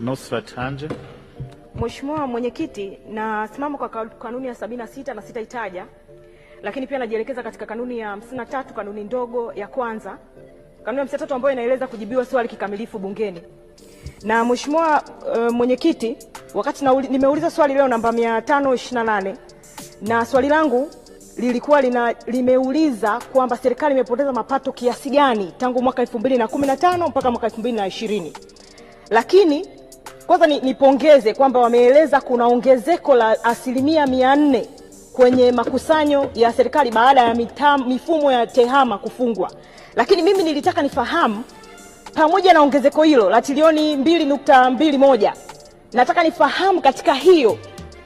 Nusrat Hanje. Mheshimiwa Mwenyekiti, nasimama kwa kanuni ya 76 na sita sitaitaja, lakini pia najielekeza katika kanuni ya tatu kanuni ndogo ya kwanza, kanuni ya tatu ambayo inaeleza kujibiwa swali kikamilifu bungeni. Na Mheshimiwa uh, Mwenyekiti, wakati na, nimeuliza swali leo namba 528 na swali langu lilikuwa lina, limeuliza kwamba serikali imepoteza mapato kiasi gani tangu mwaka 2015 mpaka mwaka 2020 lakini kwanza ni, nipongeze kwamba wameeleza kuna ongezeko la asilimia mia nne kwenye makusanyo ya serikali baada ya mitam, mifumo ya tehama kufungwa, lakini mimi nilitaka nifahamu pamoja na ongezeko hilo la tilioni mbili moja nataka nifahamu katika hiyo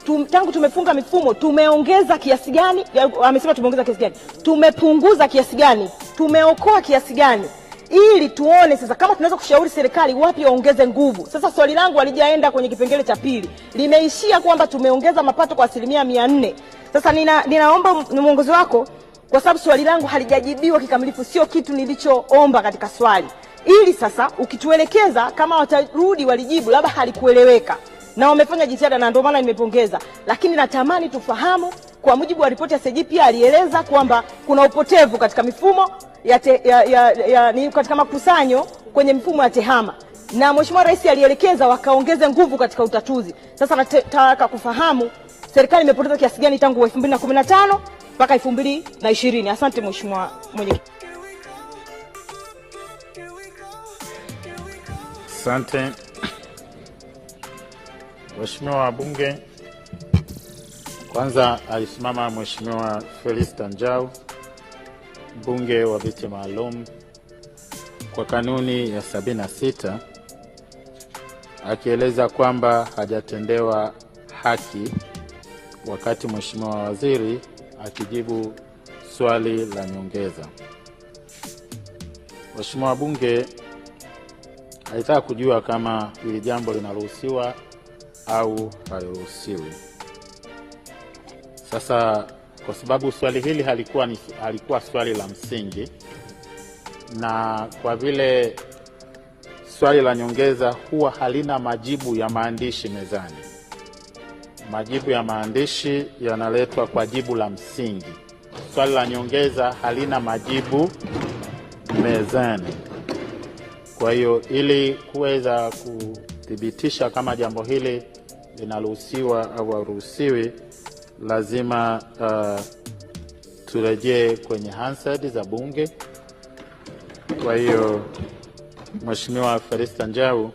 tum, tangu tumefunga mifumo tumeongeza kiasi gani? Amesema tumeongeza kiasi gani, tumepunguza kiasi gani, tumeokoa kiasi gani? ili tuone sasa kama tunaweza kushauri serikali wapi waongeze nguvu. Sasa swali langu halijaenda kwenye kipengele cha pili, limeishia kwamba tumeongeza mapato kwa asilimia mia nne. Sasa nina, ninaomba mwongozi wako kwa sababu swali langu halijajibiwa kikamilifu, sio kitu nilichoomba katika swali, ili sasa ukituelekeza kama watarudi walijibu labda halikueleweka na wamefanya jitihada na ndio maana nimepongeza, lakini natamani tufahamu. Kwa mujibu wa ripoti ya CGP alieleza kwamba kuna upotevu katika mifumo ya te, ya, ya, ya, ni katika makusanyo kwenye mfumo ya tehama na Mheshimiwa Rais alielekeza wakaongeze nguvu katika utatuzi. Sasa nataka kufahamu serikali imepoteza kiasi gani tangu 2015 mpaka 2020. Asante Mheshimiwa Mwenyekiti. Asante Mheshimiwa wabunge. Kwanza alisimama Mheshimiwa Felista Njau bunge wa viti maalum kwa kanuni ya 76 akieleza kwamba hajatendewa haki wakati mheshimiwa waziri akijibu swali la nyongeza. Mheshimiwa wabunge alitaka kujua kama hili jambo linaruhusiwa au haliruhusiwi. Sasa kwa sababu swali hili halikuwa, ni, halikuwa swali la msingi, na kwa vile swali la nyongeza huwa halina majibu ya maandishi mezani. Majibu ya maandishi yanaletwa kwa jibu la msingi. Swali la nyongeza halina majibu mezani. Kwa hiyo ili kuweza kuthibitisha kama jambo hili linaruhusiwa au haruhusiwi lazima uh, turejee kwenye Hansard za bunge. Kwa hiyo Mheshimiwa ferista Njau uh,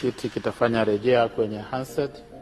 kiti kitafanya rejea kwenye Hansard.